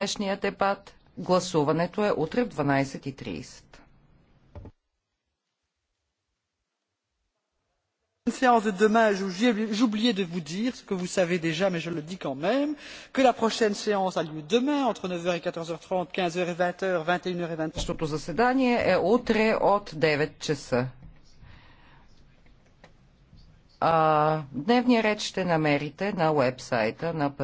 днешния дебат. Гласуването е утре в 12.30. séance de demain, j'oubliais de vous dire ce que vous savez déjà, mais je le dis quand même, que la prochaine séance a lieu demain entre 9h et 14h30, 15h et 20h, 21h et 20h. Защото заседание е утре от 9 часа. А, дневния ред ще намерите на уебсайта на